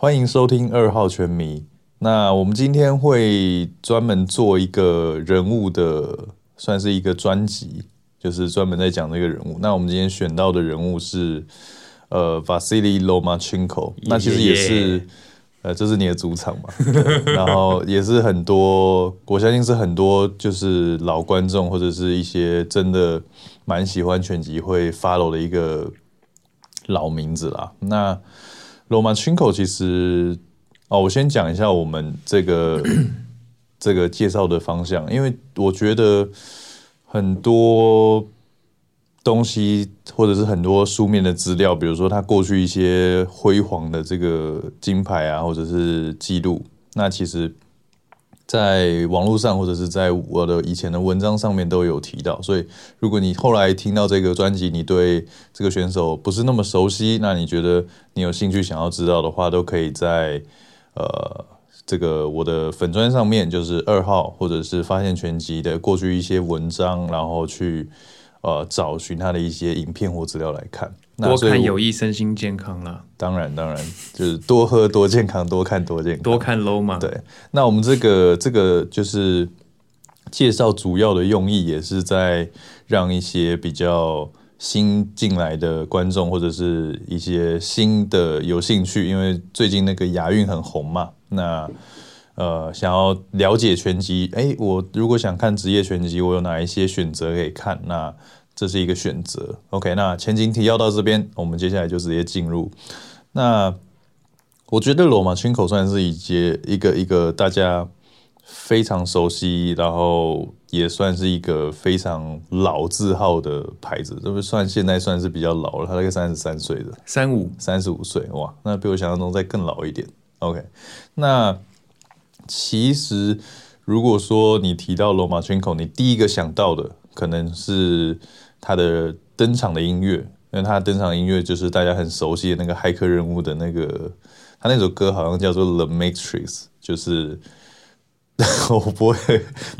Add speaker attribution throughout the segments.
Speaker 1: 歡迎收聽二號拳迷。那我們今天會專門做一個人物的，算是一個專輯，就是專門在講這個人物。那我們今天選到的人物是呃，Vasyl Lomachenko。Vas Yeah. 那其實也是呃，這是你的主場嘛。 然後也是很多，我相信是很多就是老觀眾或者是一些真的蠻喜歡拳擊會 follow 的一個老名字啦。那。羅馬欽科其實哦，我先講一下我們這個 這個介紹的方向，因為我覺得很多東西或者是很多書面的資料，比如說他過去一些輝煌的這個金牌啊，或者是記錄，那其實。在網絡上或者是在我的以前的文章上面都有提到，所以如果你後來聽到這個專輯，你對這個選手不是那麼熟悉，那你覺得你有興趣想要知道的話，都可以在呃這個我的粉專上面，就是二號或者是發現全集的過去一些文章，然後去呃找尋他的一些影片或資料來看。那多看有
Speaker 2: 益身心健康啦，啊，當然當然，
Speaker 1: 就是多喝多健康，多看多健康，多看 low 嘛。對，那我們這個這個就是介紹主要的用意，也是在讓一些比較新進來的觀眾或者是一些新的有興趣，因為最近那個亞運很紅嘛，那呃想要了解拳擊，哎，我如果想看職業拳擊，我有哪一些選擇可以看那？這是一個選擇，OK。那前情提要到，到這邊，我們接下來就直接進入。那我覺得羅馬琴科算是一,一個一個大家非常熟悉，然後也算是一個非常老字號的牌子，這不算現在算是比較老了。他那個三十三歲的，三五三十五歲，哇，那比我想象中再更老一點。OK 那。那其實如果說你提到羅馬琴科，你第一個想到的可能是。他的登場的音樂，因為他的登場音樂就是大家很熟悉的那個《駭客任務》的那個，他那首歌好像叫做《The Matrix》，就是 我不會，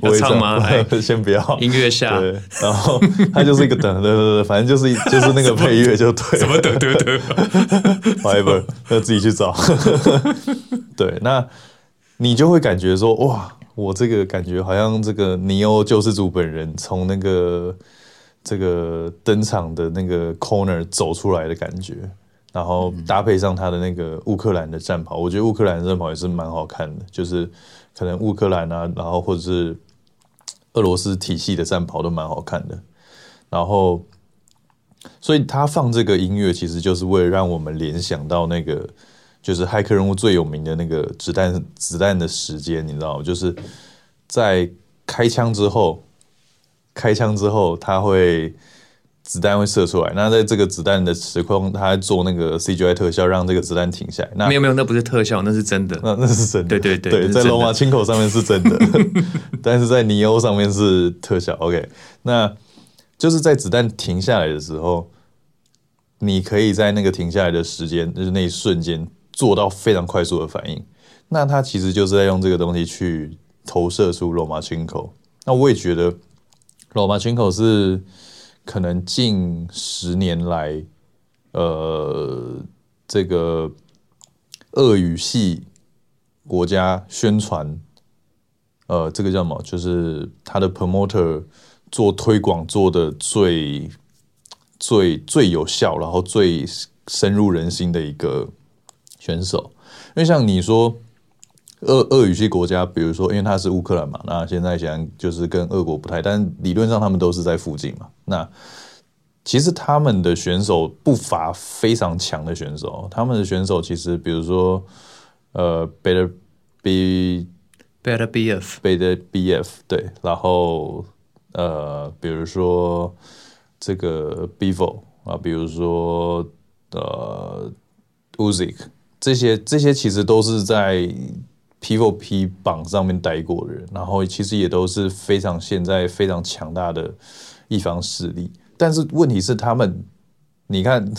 Speaker 1: 會唱嗎？ 先不要，音樂下，對，然後他就是一個等，等等等反正，就是就是那個配樂就對怎 什麼的的的、啊、 Whatever 那自己去找。 對，那你就會感覺說，哇，我這個感覺好像這個尼歐救世主本人從那個。這個登場的那個 corner 走出來的感覺，然後搭配上他的那個烏克蘭的戰袍，我覺得烏克蘭的戰袍也是蠻好看的，就是可能烏克蘭啊，然後或者是俄羅斯體系的戰袍都蠻好看的。然後，所以他放這個音樂，其實就是為了讓我們聯想到那個，就是駭客任務最有名的那個子彈子彈的時間，你知道嗎？就是在開槍之後。開槍之後，它，會子彈會射出來。那在這個子彈的時空，它做那個 CGI 特效，讓這個子彈停下來。那沒有沒有，那不是特效，那是真的。那那是真的。對對，對，對，在羅馬親口上面是真的， 但是在尼歐上面是特效。 OK，那就是在子彈停下來的時候，你可以在那個停下來的時間，就是那一瞬間，做到非常快速的反應。那它其實就是在用這個東西去投射出羅馬親口。那我也覺得。Lomachenko 是可能近十年來，呃，這個俄語系國家宣傳，呃，這個叫什麼？就是他的 promoter 做推廣做的最最最有效，然後最深入人心的一個選手。因為像你說。呃，呃，俄語系國家，比如說，因為它是烏克蘭嘛，那現在顯然就是跟俄國不太，但理論上他們都是在附近嘛。那其實他們的選手不乏非常強的選手，他們的選手其實，比如說，呃，Better Be Better BF Better BF 對，然後呃，比如說這個 Bivol 啊，比如說呃，Usyk 這些這些其實都是在。P4P 榜上面待過的人，然後其實也都是非常現在非常強大的一方勢力。但是問題是，他們你看，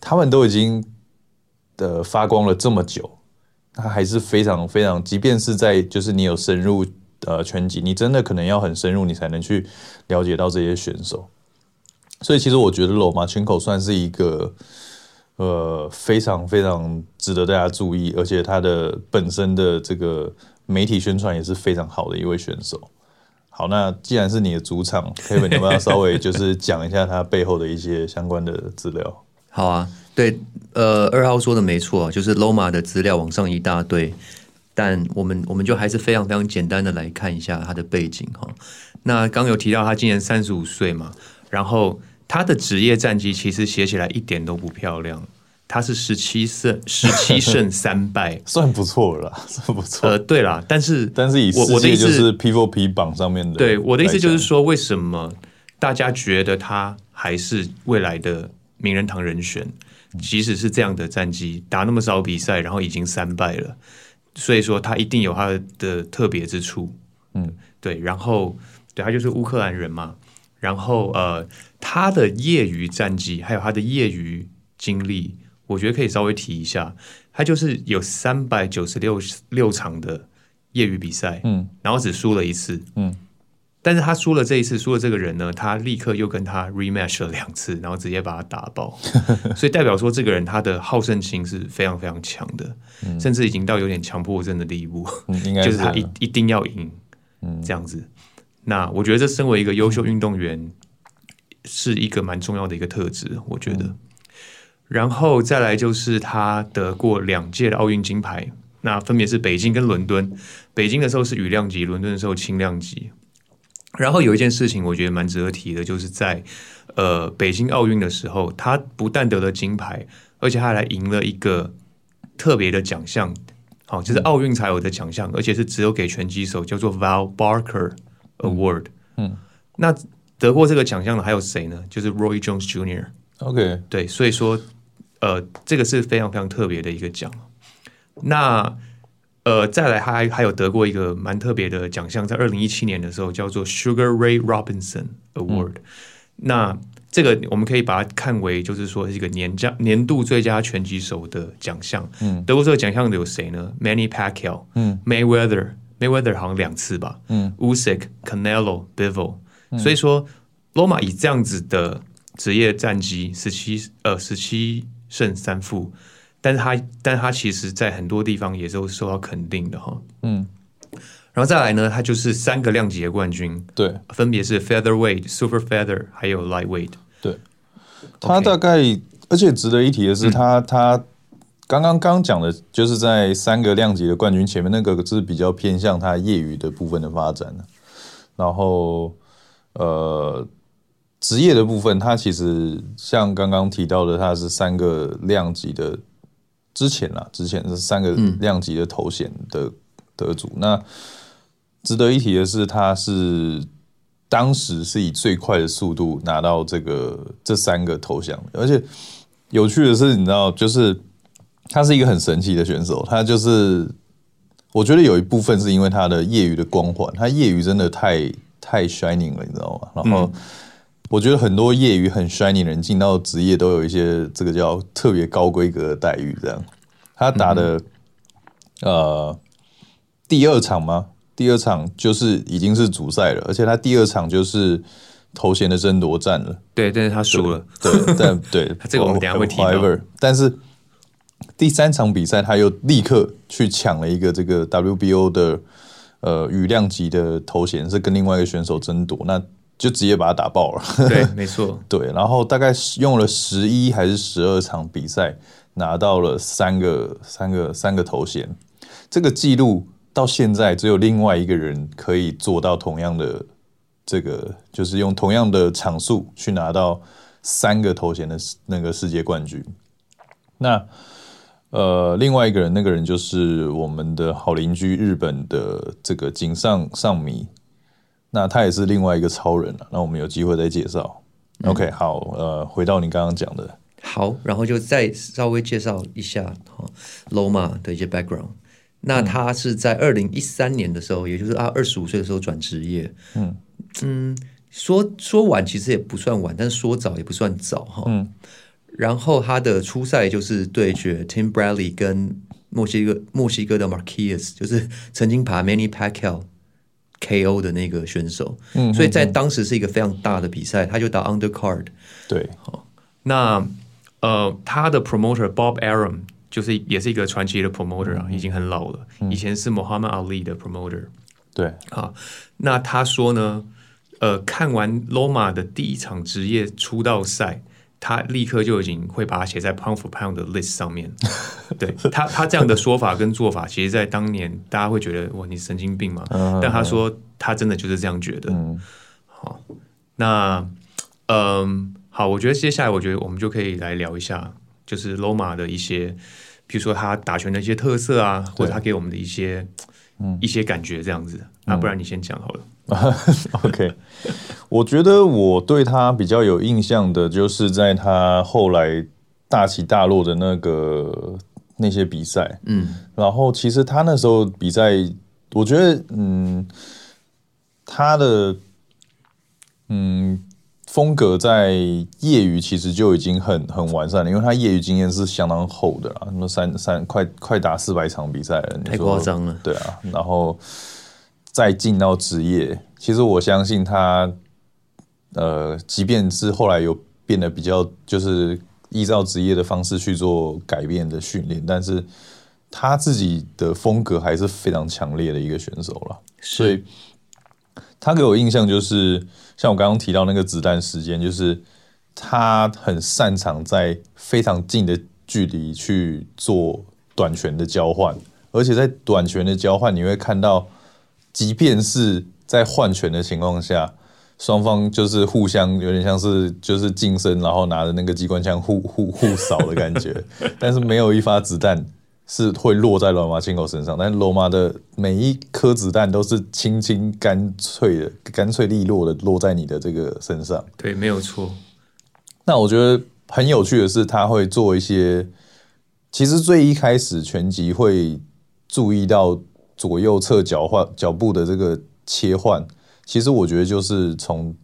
Speaker 1: 他們都已經的、呃、發光了這麼久，他還是非常非常，即便是在就是你有深入呃圈子，你真的可能要很深入，你才能去了解到這些選手。所以其實我覺得，洛馬琴科算是一個。呃，非常非常值得大家注意，而且他的本身的這個媒體宣傳也是非常好的一位選手。好，那既然是你的主場 ，Kevin，你要不要稍微就是講一下他背後的一些
Speaker 3: 相關的資料？好啊，對，呃，二號說的沒錯，就是 Loma 的資料網上一大堆，但我們我們就還是非常非常簡單的來看一下他的背
Speaker 2: 景哈。那剛有提到他今年三十五歲嘛，然後。他的職業戰績其實寫起來一點都不漂亮，他是十七勝十七勝三敗， 算不錯了，算不錯。呃，對啦，但是但是以我的意思，P4P 是 P 4 P 榜上面的，對我，我的意思就是說，為什麼大家覺得他還是未來的名人堂人選？即使是這樣的戰績，打那麼少比賽，然後已經三敗了，所以說他一定有他的特別之處。嗯，對，然後對他就是烏克蘭人嘛。然後呃，他的業餘戰績還有他的業餘經歷，我覺得可以稍微提一下。他就是有三百九十六六場的業餘比賽，嗯，然後只輸了一次，嗯。但是他輸了這一次，輸了這個人呢，他立刻又跟他 rematch 了兩次，然後直接把他打爆。 所以代表說，這個人他的好勝心是非常非常強的，嗯、甚至已經到有點強迫症的地步，是啊、 就是他一一定要贏，嗯、這樣子。那我覺得，這身為一個優秀運動員，是一個蠻重要的一個特質。我覺得，嗯、然後再來就是他得過兩屆的奧運金牌，那分別是北京跟倫敦。北京的時候是羽量級，倫敦的時候輕量級。然後有一件事情我覺得蠻值得提的，就是在呃北京奧運的時候，他不但得了金牌，而且還還贏了一個特別的獎項，好、哦，就是奧運才有的獎項，而且是只有給拳擊手，叫做 Val Barker。Award，嗯，那得過這個獎項的還有誰呢？就是 Roy Jones Jr.，OK，Okay. 對，所以說，呃，這個是非常非常特別的一個獎。那呃，再來還還有得過一個蠻特別的獎項，在二零一七年的時候叫做 Sugar Ray Robinson Award。嗯，那這個我們可以把它看為就是說是一個年加年度最佳拳擊手的獎項。嗯，得過這個獎項的有誰呢？Manny Pacquiao，嗯，Mayweather Mayweather 好像兩次吧 Usyk、嗯、Canelo, Bivol 所以說羅馬以這樣子的職業戰績十七呃十七勝三負，但是他但他其實在很多地方也都受到肯定的哈，嗯，然後再來呢，他就是三個量級的冠軍，對，分別是 Featherweight, Super Feather，還有 Lightweight，對，
Speaker 1: 他大概 Okay 而且值得一提的是他、嗯、他。剛剛剛講的就是在三個量級的冠軍前面，那個是比較偏向他業餘的部分的發展。然後，呃，職業的部分，他其實像剛剛提到的，他是三個量級的之前啦，之前是三個量級的頭銜的得主。嗯。那值得一提的是，他是當時是以最快的速度拿到這個這三個頭銜，而且有趣的是，你知道就是。他是一個很神奇的選手，他就是我覺得有一部分是因為他的業餘的光環，他業餘真的太太 shining 了，你知道嗎？然後我覺得很多業餘很 shining 的人進到職業都有一些這個叫特別高規格的待遇這樣。他打的、嗯、呃第二場嗎？第二場就是已經是主賽了，而且他第二場就是頭銜的爭奪戰了。對，但是他輸了對。對， 但對，這個我們等一下會提。Oh, iver, 但是。第三場比賽，他又立刻去搶了一個這個 WBO 的呃羽量級的頭銜，是跟另外一個選手爭奪，那就直接把他打爆了。對，沒錯， 對。然後大概用了十一還是十二場比賽，拿到了三個三個三個頭銜。這個記錄到現在只有另外一個人可以做到同樣的這個，就是用同樣的場數去拿到三個頭銜的那個世界冠軍。那。呃，另外一個人，那個人就是我們的好鄰居日本的這個井上尚迷。那他也是另外一個超人那、啊、我們有機會再介紹。OK，、嗯、好，呃，回到
Speaker 3: 你剛剛講的，好，然後就再稍微介紹一下哈，龍、哦、馬的一些 background。那他是在二零一三年的時候，嗯、也就是二十五歲的時候轉職業。嗯嗯，說說晚其實也不算晚，但是說早也不算早哈。哦、嗯。然後他的初賽就是對決 Tim Bradley 跟墨西哥墨西哥的 Marquez 就是曾經把 Manny Pacquiao KO 的那個選手，嗯，所以在當時是一個非常大的比賽，他就打 Undercard。對、嗯，嗯、好，
Speaker 2: 那呃，他的 Promoter Bob Arum、um, 就是也是一個傳奇的 Promoter 啊，嗯、已經很老了，嗯、以前是 Muhammad Ali 的 Promoter。對，好，那他說呢，呃，看完 Loma 的第一場職業出道賽。他立刻就已經會把它寫在 pound for pound 的 list 上面， 對，他，他這樣的說法跟做法，其實，在當年 大家會覺得，哇，你神經病嘛。Uh-huh. 但他說，他真的就是這樣覺得。Uh-huh. 好，那，嗯，um，好，我覺得接下來，我覺得我們就可以來聊一下，就是 Loma 的一些，比如說他打拳的一些特色啊，對或者他給我們的一些。一些感覺這樣子，那、嗯啊、不然你先講
Speaker 1: 好了。 OK，我覺得我對他比較有印象的，就是在他後來大起大落的那個那些比賽，嗯，然後其實他那時候比賽，我覺得，嗯，他的，嗯。風格在業餘其實就已經很很完善了，因為他業餘經驗是相當厚的啦，那三三快快打四百場比賽了，你太誇張了。對啊，然後再進到職業，其實我相信他，呃，即便是後來有變得比較，就是依照職業的方式去做改變的訓練，但是他自己的風格還是非常強烈的一個選手了，是所以他給我印象就是。像我剛剛提到那個子彈時間，就是他很擅長在非常近的距離去做短拳的交換，而且在短拳的交換，你會看到，即便是在換拳的情況下，雙方就是互相有點像是就是近身，然後拿着那個機關槍互互互掃的感覺， 但是沒有一發子彈。是會落在羅馬琴科身上，但是羅馬的每一顆子彈都是輕輕乾脆的、乾脆利落的落在你的這個身上。
Speaker 2: 對，沒有錯。
Speaker 1: 那我覺得很有趣的是，他會做一些，其實最一開始拳擊會注意到左右側腳換腳步的這個切換，其實我覺得就是從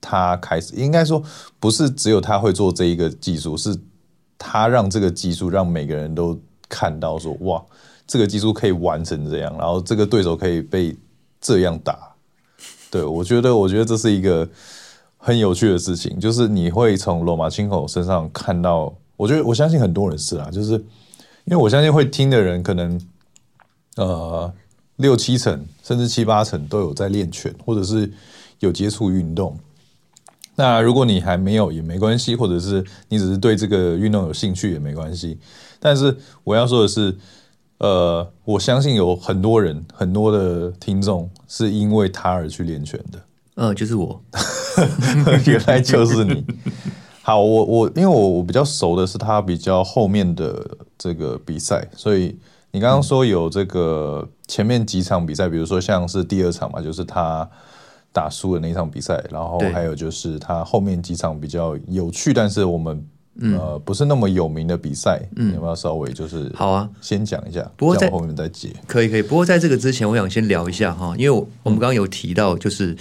Speaker 1: 他開始，應該說不是只有他會做這一個技術，是他讓這個技術讓每個人都看到說哇，這個技術可以玩成這樣，然後這個對手可以被這樣打，對，我覺得我覺得這是一個很有趣的事情，就是你會從洛馬琴科身上看到，我覺得我相信很多人是啊，就是因為我相信會聽的人可能呃六七成甚至七八成都有在練拳，或者是有接觸運動。那如果你還沒有也沒關係，或者是你只是對這個運動有興趣也沒關係。但是我要說的是，呃，我相信有很多人，很多的聽眾是因為他而去練拳的。嗯、呃，就是我， 原來就是你。好，我我因為我我比較熟的是他比較後面的這個比賽，所以你剛剛說有這個前面幾場比賽，嗯、比如說像是第二場嘛，就是他。打輸的那一場比賽，然後還有就是他後面幾場比較有趣，對但是我們、
Speaker 2: 嗯、呃，
Speaker 1: 不是那麼有名的比賽，嗯，有沒有稍微就是好啊？先講一下，不過在後面再
Speaker 3: 解可以可以。不過在這個之前，我想先聊一下哈，因為我們剛剛有提到，就是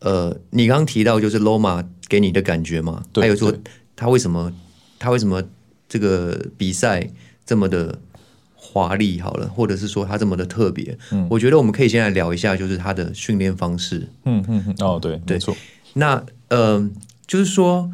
Speaker 3: 呃，你剛剛提到就是 Loma、嗯呃、給你的感覺嘛，還有說他為什麼對對對，他為什麼這個比賽這麼的。華麗好了，或者是說他這麼的特別，嗯，我覺得我們可以先來聊一下，就是他的訓練方式，嗯嗯哦對對沒錯。那呃，就是說，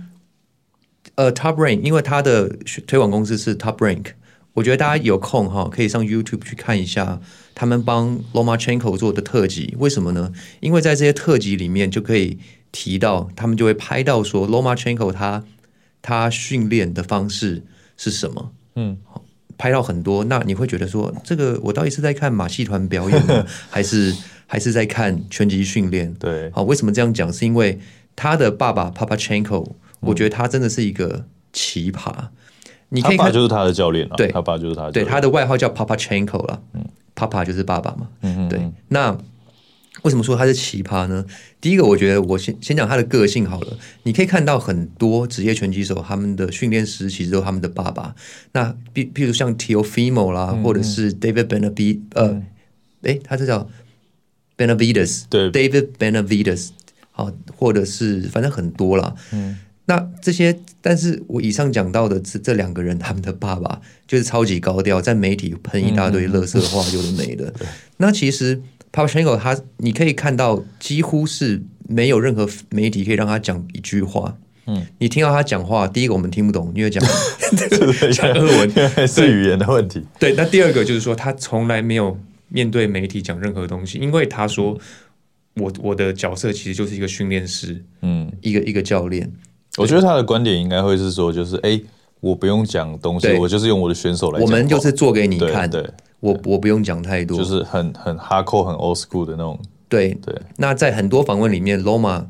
Speaker 3: 呃，Top Rank，因為他的推廣公司是 Top Rank，我覺得大家有空哈、哦，可以上 YouTube 去看一下他們幫 Lomachenko 做的特輯，為什麼呢？因為在這些特輯裡面就可以提到，他們就會拍到說 Lomachenko 他他訓練的方式是什麼，嗯好。拍到很多，那你會覺得說，這個我到底是在看馬戲團表演嗎？ 還是還是在看拳擊訓練？對，啊，為什麼這樣講？是因為他的爸爸 Papachenko、嗯、我覺得他真的是一個奇葩。他爸就是他的教練了、啊，對，他爸就是他的教練。對，他的外號叫 Papachenko 了，嗯，Papa 就是爸爸嘛，嗯，嗯，對，那。為什麼說他是奇葩呢？第一個，我覺得我先先講他的個性好了。你可以看到很多職業拳擊手，他們的訓練師其實都是他們的爸爸。那，譬如像 Teofimo 啦，嗯、或者是 David Benavidez,、嗯、 呃， 對 誒他這叫 Benavidez 對 S，David Benavidez 好，或者是反正很多啦。嗯、那這些，但是我以上講到的這這兩個人，他們的爸爸就是超級高調，在媒體噴一大堆垃圾話，就是沒的。嗯、 那其實。Pablo s c h o 他你可以看到幾乎是沒有任何媒體可以讓他講一句話。嗯，你聽到他講話，第一個我們聽
Speaker 2: 不懂，因為講講俄文是語言的問題對。對，那第二個就是說他從來沒有面對媒體講任何東西，因為他說、嗯、我我的角色其實就是一個訓練師，嗯一，一個一個教練。我覺得他的觀點應該會是說，
Speaker 1: 就是誒、欸，我不用講東西，對我就是用我的選手來講，我們就是做給你看。對。對我
Speaker 3: 我不用講太多，就是很很哈扣很 old school 的那種。對對，對，那在很多訪問裡面，羅馬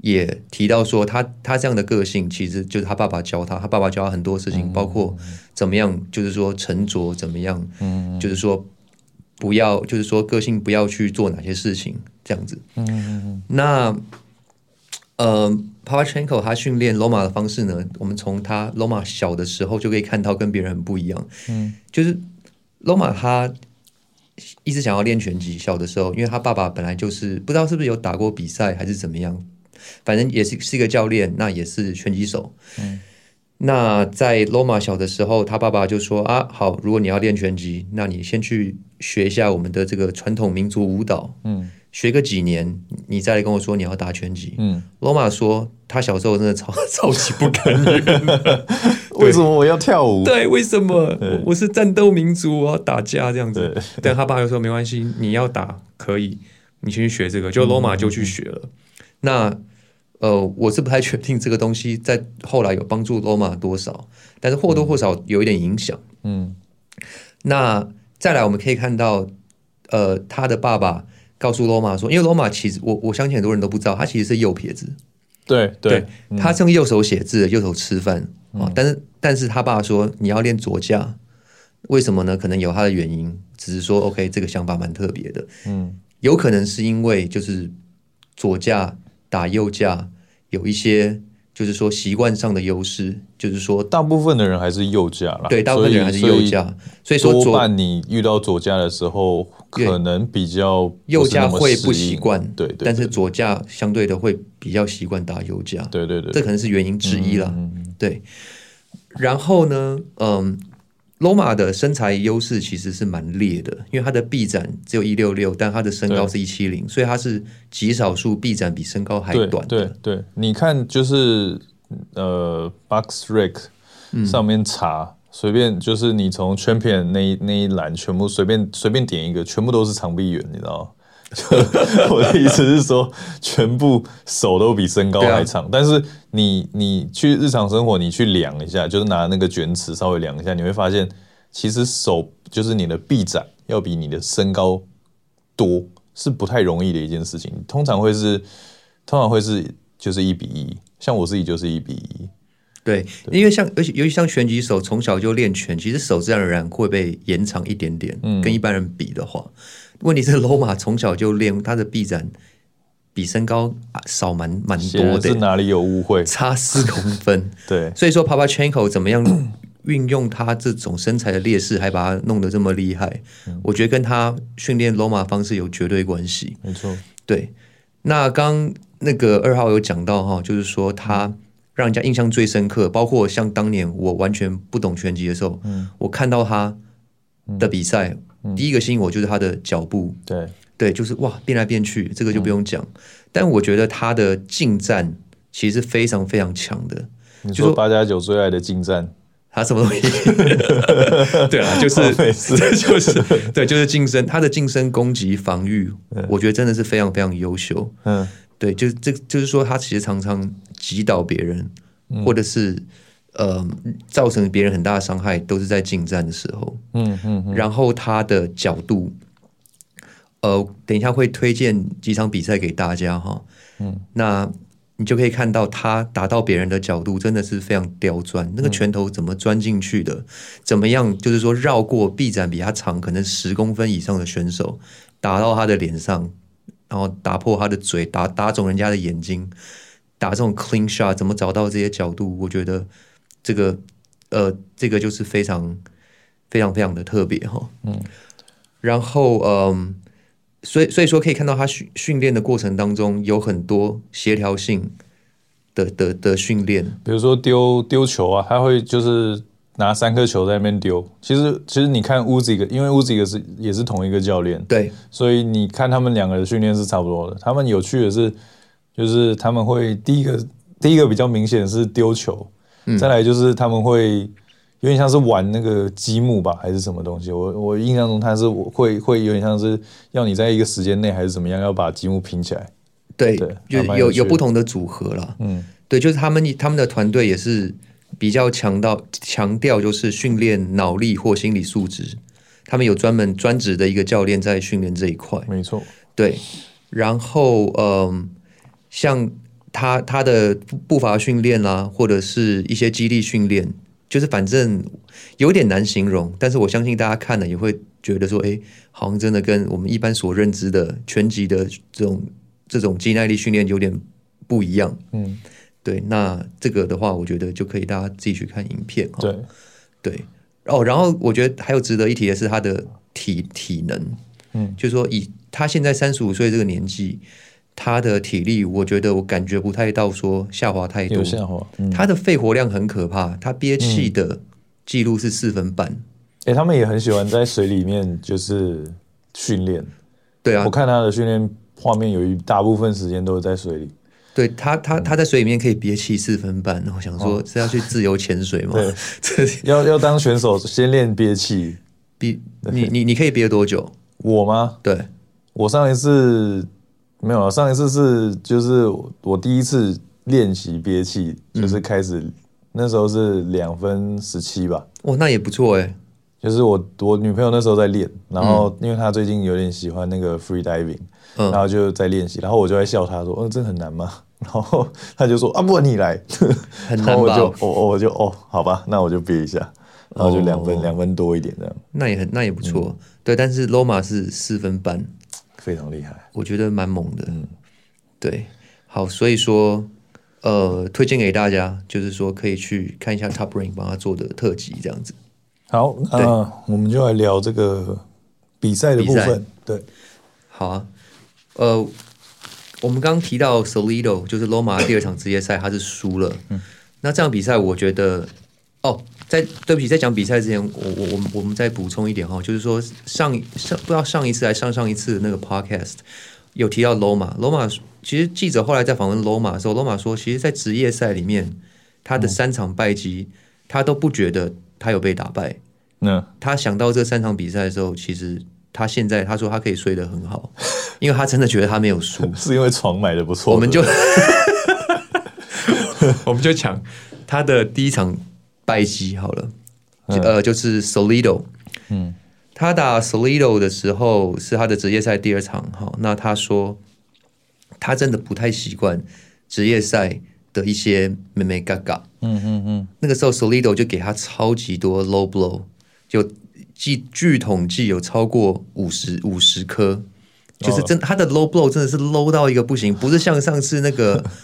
Speaker 3: 也提到說，他他這樣的個性其實就是他爸爸教他，他爸爸教他很多事情，嗯、包括怎麼樣，就是說沉着，怎麼樣，嗯，就是說不要，就是說個性不要去做哪些事情，這樣子。嗯嗯嗯。那呃 Papa Chanko 他訓練羅馬的方式呢，我們從他羅馬小的時候就可以看到，跟別人很不一樣。嗯，就是。Loma 他一直想要練拳擊，小的時候，因為他爸爸本來就是不知道是不是有打過比賽還是怎麼樣，反正也是是一個教練，那也是拳擊手。嗯。那在 Loma 小的時候，他爸爸就說啊，好，如果你要練拳擊，那你先去學一下我們的這個傳統民族舞蹈。嗯。學個幾年，你再來跟我說你要打拳擊。嗯，羅馬說他小時候真的超超級不甘願，
Speaker 2: 對為什麼我要跳舞？對，為什麼我是戰鬥民族，我要打架這樣子？對但他爸又說沒關係，你要打可以，你先去學這個。就羅馬就去學了。嗯嗯嗯。
Speaker 3: 那呃，我是不太確定這個東西在後來有幫助羅馬多少，但是或多或少有一點影響。嗯，那再來我們可以看到，呃，他的爸爸。告訴羅馬說，因為羅馬其實我我相信很多人都不知道，他其實是右撇子。對對，對，他用右手寫字，嗯，右手吃飯啊，哦。但是，但是他爸說你要練左架，為什麼呢？可能有他的原因，只是說 OK，這個想法蠻特別的。嗯，有可能是因為就是左架打右架有一些。就是說習慣上的優勢，就是說大部分的人還是右架啦。對，大部分的人還是右架，所以，所以說多半你遇到左架的時候，對可能比較右架會不習慣。對，對，對，但是左架相對的會比較習慣打右架。對，對對對，這可能是原因之一了。嗯嗯嗯對。然後呢？嗯。羅馬的身材優勢其實是蠻劣的，因為他的臂展只有一六六，但他的身高是一七零，所以他是極少數臂展比身高還短的對。對
Speaker 1: 對，你看就是呃 BoxRec 上面查，嗯、隨便就是你從 champion 那，那一那一欄全部隨便隨便點一個，全部都是長臂猿，你知道嗎？ 我的意思是說，全部手都比身高還長，啊、但是。你你去日常生活，你去量一下，就是拿那個捲尺稍微量一下，你會發現，其實手就是你的臂展要比你的身高多，是不太容易的一件事情。通常會是，
Speaker 3: 通常會是就是一比一。像我自己就是一比一，對，對吧？因為像尤其尤其像拳擊手從小就練拳，其實手自然而然會被延長一點點。嗯，跟一般人比的話，問題是羅馬從小就練他的臂展，比身高少蠻蠻多的，是哪裡有誤會？差四公分， 對。所以說，Papa Chanko 怎麼樣 運用他這種身材的劣勢，還把他弄得這麼厲害？嗯、我覺得跟他訓練羅馬方式有絕對關係，沒錯。對，那剛，剛那個二號有講到哈、哦，就是說他讓人家印象最深刻，包括像當年我完全不懂拳擊的時候，嗯、我看到他的比賽，嗯、第一個吸引我就是他的腳步，嗯嗯、對。對，就是哇，變來變去，這個就不用講。嗯、但我覺得他的近戰其實是非常非常強的。你說八加九最愛的近戰，他、啊、什麼東西？ 對啊，就是，沒 就是，對，就是近身。他的近身攻擊、防禦，我覺得真的是非常非常優秀。嗯，對，就是這就,就,就是說，他其實常常擊倒別人，嗯、或者是呃，造成別人很大的傷害，都是在近戰的時候。嗯嗯。嗯嗯，然後他的角度。呃，等一下會推薦幾場比賽給大家哈。嗯，那你就可以看到他打到別人的角度真的是非常刁鑽，嗯、那個拳頭怎麼鑽進去的？怎麼樣？就是說繞過臂展比他長可能十公分以上的選手，打到他的臉上，然後打破他的嘴，打打腫人家的眼睛，打這種 clean shot。怎麼找到這些角度？我覺得這個呃，這個就是非常非常非常的特別哈、嗯。嗯，然後嗯。所以，所以說可以看到他訓訓練的過程當中有很多協調性的的的訓練，
Speaker 1: 比如說丟丟球啊，他會就是拿三顆球在那邊丟。其實，其實你看 Usyk，因為 Usyk 是也是同一個教練，對，所以你看他們兩個的訓練是差不多的。他們有趣的是，就是他們會第一個第一個比較明顯的是丟球，嗯，再來就是他們會。有點像是玩那個積木吧，還是什麼東西？我我印象中他是會會有點像是要你在一個時間內還是怎麼樣，要把積木拼起來。對，對
Speaker 3: 啊，有有有不同的組合了。嗯，對，就是他們他們的團隊也是比較強調強調，就是訓練腦力或心理素質。他們有專門專職的一個教練在訓練這一塊，沒錯。對，然後嗯，像他他的步伐訓練啊，或者是一些肌力訓練。就是反正有點難形容，但是我相信大家看了也會覺得說，哎、欸，好像真的跟我們一般所認知的拳擊的這種這種肌耐力訓練有點不一樣。嗯，對，那這個的話，我覺得就可以大家自己去看影片、哦。對，對，哦，然後我覺得還有值得一提的是他的體體能，嗯，就是說以他現在三十五歲這個年紀。他的體力，我覺得我感覺不太到，說下滑太多。下滑。他的肺活量很可怕，他憋氣的記錄是四分半。哎、欸，他們也很喜歡在水裡面就是訓練。 對啊，我看他的訓練畫面，有一大部分時間都是在水裡。對他，他他在水裡面可以憋氣四分半，嗯、我想說是要去自由潛水嗎？ 對， 要要當選手先練憋氣。憋你你你可以憋
Speaker 1: 多久？對我嗎？對，我上一次。沒有，上一次是就是我第一次練習憋氣，嗯、就是開始那時候是兩分十七吧。哦，那也不錯誒、欸、就是我我女朋友那時候在練，然後因為她最近有點喜歡那個 free diving，、嗯、然後就在練習，然後我就在笑她說：“哦、呃，這很難嗎？”然後她就說：“啊，不，你來。”很難我就、哦哦、我就哦，
Speaker 3: 好吧，那我就憋一下，然後就兩分、哦、兩分多一點這樣。那也很那也不錯，嗯、對，但是 Loma 是四分半。非常厲害，我覺得蠻猛的。嗯，對，好，所以說，呃，推薦給大家，就是說可以去看一下 Top Ring 幫他做的特輯，這樣子。好，那、呃、對我們就來聊這個比賽的部分。比賽對，好啊，呃，我們剛剛提到 Salido，就是羅馬第二場職業賽，他是輸了。嗯，那這場比賽，我覺得，哦。在對不起，在講比賽之前，我我我們我們再補充一點哈、哦，就是說上上不知道上一次還上上一次那個 podcast 有提到 Loma，Loma 其實記者後來在訪問 Loma 的時候，Loma 說，其實，在職業賽裡面，他的三場敗績，嗯、他都不覺得他有被打敗。
Speaker 1: 那、
Speaker 3: 嗯、他想到這三場比賽的時候，其實他現在他說他可以睡得很好， 因為他真的覺得他沒有輸， 是因為床買的不錯的。我們就 我們就講 他的第一場。敗績好了，呃，就是 Salido，嗯，他打 Salido 的時候是他的職業賽第二場哈，那他說他真的不太習慣職業賽的一些眉眉角角，嗯嗯嗯，嗯嗯，那個時候 Salido 就給他超級多 low blow，就據據統計有超過五十五十顆，就是真、哦、他的 low blow 真的是 low 到一個不行，不是像上次那個。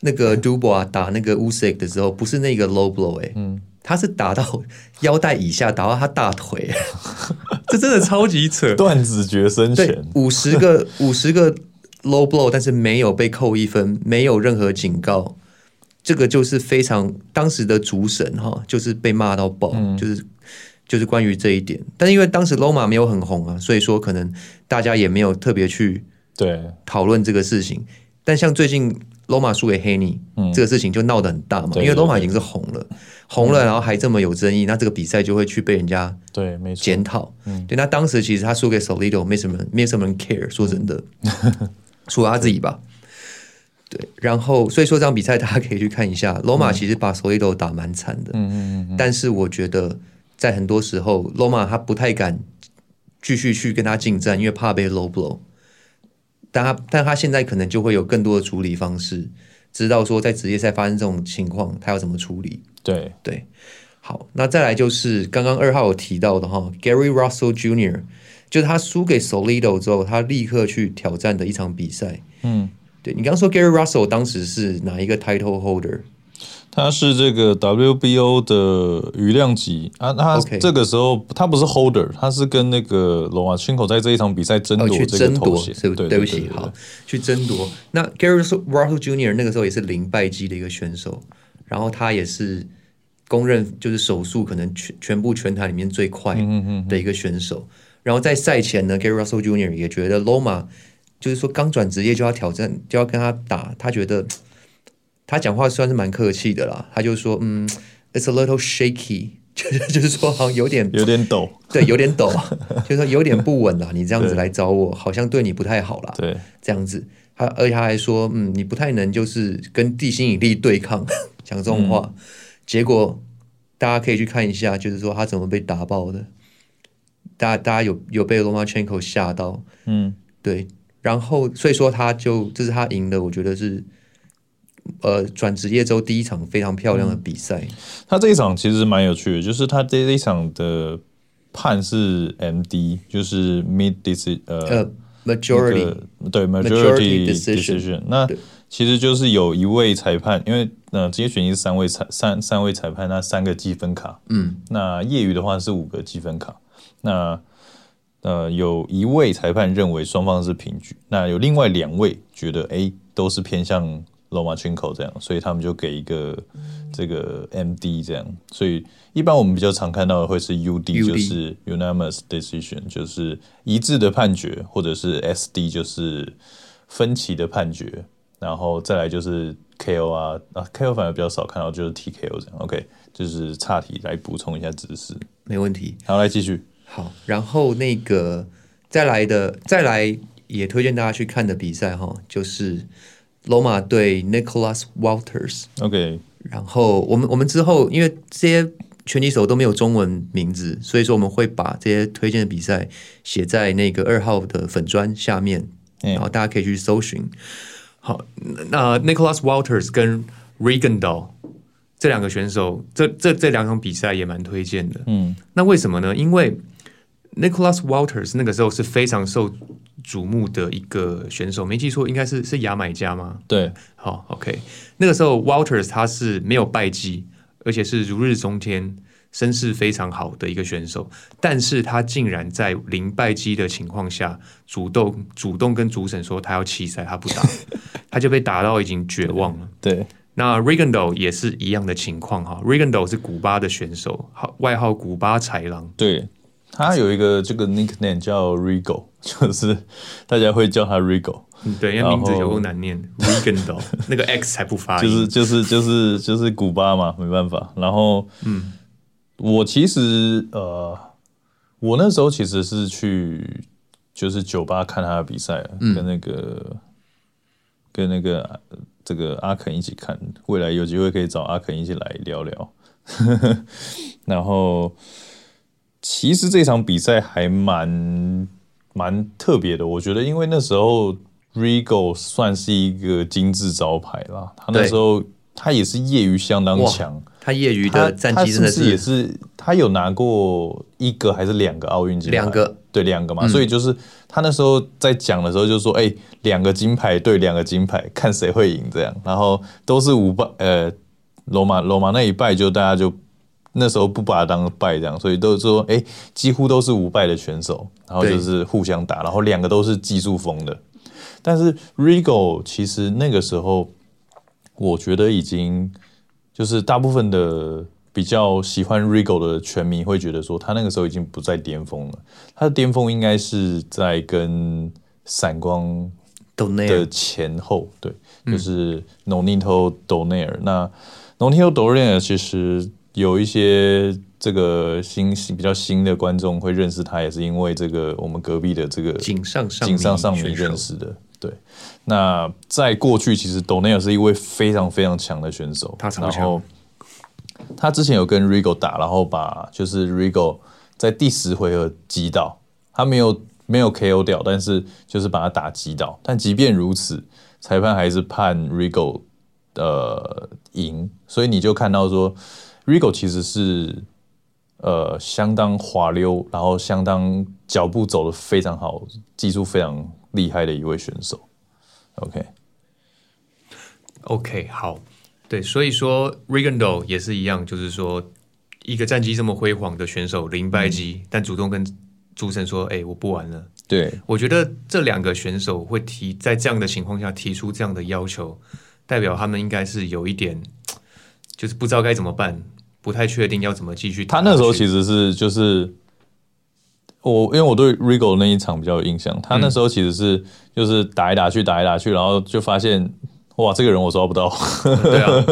Speaker 3: 那個 Dubois 打那個 Usyk 的時候，不是那個 low blow 哎、欸，嗯、他是打到腰帶以下，打到他大腿、欸， 這真的超級扯，斷 子絕孫。對，五十個五十個 low blow，但是沒有被扣一分，沒有任何警告，這個就是非常當時的主審哈，就是被罵到爆、嗯就是，就是就是關於這一點。但因為當時 Loma 沒有很紅啊，所以說可能大家也沒有特別去討論這個事情。對但像最近。羅馬輸給黑尼，嗯，這個事情就鬧得很大嘛。對對對，因為羅馬已經是紅了，紅了，然後還這麼有爭議，嗯、那這個比賽就會去被人家檢討。對，沒錯，檢、嗯、討。對，那當時其實他輸給 Salido，沒什麼，沒什麼人 care。說真的，除了、嗯、他自己吧。對，對，然後所以說這場比賽大家可以去看一下，羅馬、嗯、其實把 Salido 打蠻慘的。嗯，嗯，嗯，嗯，但是我覺得在很多時候，羅馬他不太敢繼續去跟他近戰，因為怕被 low blow。但他但他現在可能就會有更多的處理方式，知道說在職業賽發生這種情況，他要怎麼處理？對對，好，那再來就是剛剛二號有提到的哈，Gary Russell Jr.，就是他輸給 Salido 之後，他立刻去挑戰的一場比賽。嗯，對你剛剛說 Gary Russell 當時是哪一個 title holder？
Speaker 1: 他是這個 WBO 的羽量級啊，他，Okay. 他這個時候他不是 holder，他是跟那個 Lomachenko 在這一場比賽爭奪、哦、去爭奪，對不對？對不起，好，
Speaker 3: 去爭奪。那 Gary Russell Junior 那個時候也是零敗績的一個選手，然後他也是公認就是手速可能全全部拳台裡面最快的一個選手。嗯、哼哼哼然後在賽前呢，Gary Russell Junior 也覺得羅馬就是說剛轉職業就要挑戰就要跟他打，他覺得。他講話算是蠻客氣的啦，他就說：“嗯，it's a little shaky，就 是就是說好像有點 有點抖，對，有點抖，就是說有點不穩啦。 你這樣子來找我，對好像對你不太好啦，對，這樣子。他而且他還說：嗯，你不太能就是跟地心引力對抗，講這種話。嗯、結果大家可以去看一下，就是說他怎麼被打爆的。大家大家有有被 Lomachenko 嚇到，嗯，對。然後所以說他就這是他贏的，我覺得是。”呃，轉職業之後第一場非常漂亮的比賽，嗯。他這一場
Speaker 1: 其實蠻有趣的，就是他這一場的判是 MD，就是 Mid Decision 呃 Majority 對 Majority Decision。那其實就是有一位裁判，因為呃直接選一是三位裁三三位裁判，那三個計分卡，嗯，那業餘的話是五個計分卡。那呃有一位裁判認為雙方是平局，那有另外兩位覺得哎、欸、都是偏向。羅馬口這樣，所以他們就給一個這個 M D 這樣，所以一般我們比較常看到的會是 UD, U D，就是 Unanimous Decision，就是一致的判決，或者是 S D，就是分歧的判決，然後再來就是 K O R 啊，啊 K O 反而比較少看到，就是 T K O 這樣。OK，就是
Speaker 3: 岔題來補充一下知識，沒問題。好，來繼續。好，然後那個再來的再來也推薦大家去看的比賽哈，就是。羅馬對 Nicholas Walters，OK Okay.。然後我們我們之後，因為這些拳擊手都沒有中文名字，所以說我們會把這些推薦的比賽寫在那個二號的粉專下面，然後大家可以去搜尋。嗯、好，
Speaker 2: 那 Nicholas Walters 跟 Rigondeaux 這兩個選手，這這這兩場比賽也蠻推薦的。嗯，那為什麼呢？因為 Nicholas Walters 那個時候是非常受矚目的一個選手，沒記錯應該是是牙買加嗎？對，好、oh,，OK。那個時候，Walters 他是沒有敗績，而且是如日中天、身世非常好的一個選手，但是他竟然在零敗績的情況下，主動主動跟主審說他要棄賽，他不打， 他就被打到已經絕望了。對，對那 Rigondeaux 也是一樣的情況哈 Rigondeaux 是古巴的選手，號外號古巴豺狼，對
Speaker 1: 他有一個這個 nickname 叫 Rigo。就是大家會叫他 Rigo、嗯、對，後因為名字有夠難
Speaker 2: 念 ，Rigondo，那個 X 才不發音。就
Speaker 1: 是就是就是就是古巴嘛，沒辦法。然後，嗯，我其實呃，我那時候其實是去就是酒吧看他的比賽、嗯跟那個，跟那個跟那個這個阿肯一起看。未來有機會可以找阿肯一起來聊聊。 然後，其實這場比賽還蠻。.蠻特別的，我覺得，因為那時候 Rigo 算是一個金字招牌了。對他那時候他也是業餘相當強，他業餘的戰績真的是，是，是也是他有拿過一個還是兩個奧運金牌？兩個，對，兩個嘛。嗯、所以就是他那時候在講的時候就說：“哎，兩個金牌，對，兩個金牌，看誰會贏這樣。”然後都是無敗，呃，羅馬羅馬那一敗就大家就。那時候不把他當敗這樣，所以都說哎、欸，幾乎都是無敗的選手，然後就是互相打，然後兩個都是技術風的。對但是 Rigo 其實那個時候，我覺得已經就是大部分的比較喜歡 Rigo 的拳迷會覺得說，他那個時候已經不再巔峰了。他的巔峰應該是在跟閃光的前後，對，就是 Nonito Donaire、嗯。那 Nonito Donaire 其實。有一些這個新比較新的觀眾會認識他，也是因為這個我們隔壁的這個井上尚井上尚彌認識的。手對，那在過去其實 Donaire 是一位非常非常強的選手，然後他之前有跟 Rigo 打，然後把就是 Rigo 在第十回合擊倒，他沒有沒有 KO 掉，但是就是把他打擊倒。但即便如此，裁判還是判 Rigo 呃，贏，所以你就看到說。Rigo 其實是呃相當滑溜，然後相當腳步走得非常好，技術非常厲害的一位選手。
Speaker 2: OK，OK，、okay. okay, 好，對，所以說 Rigondo 也是一樣，就是說一個戰績這麼輝煌的選手零敗績，嗯、但主動跟主審說：“哎、欸，我不玩了。對”對我覺得這兩個選手會提在這樣的情況下提出這樣的要求，代表他們應該是有一點就是不知道該怎麼辦。不太確定要怎麼繼續。他那時候其
Speaker 1: 實是就是我，因為我對 Rigo 那一場比較有印象。他那時候其實是就是打一打去，打一打去，然後就發現哇，這個人我抓不到，嗯，
Speaker 3: 對
Speaker 1: 呵、啊。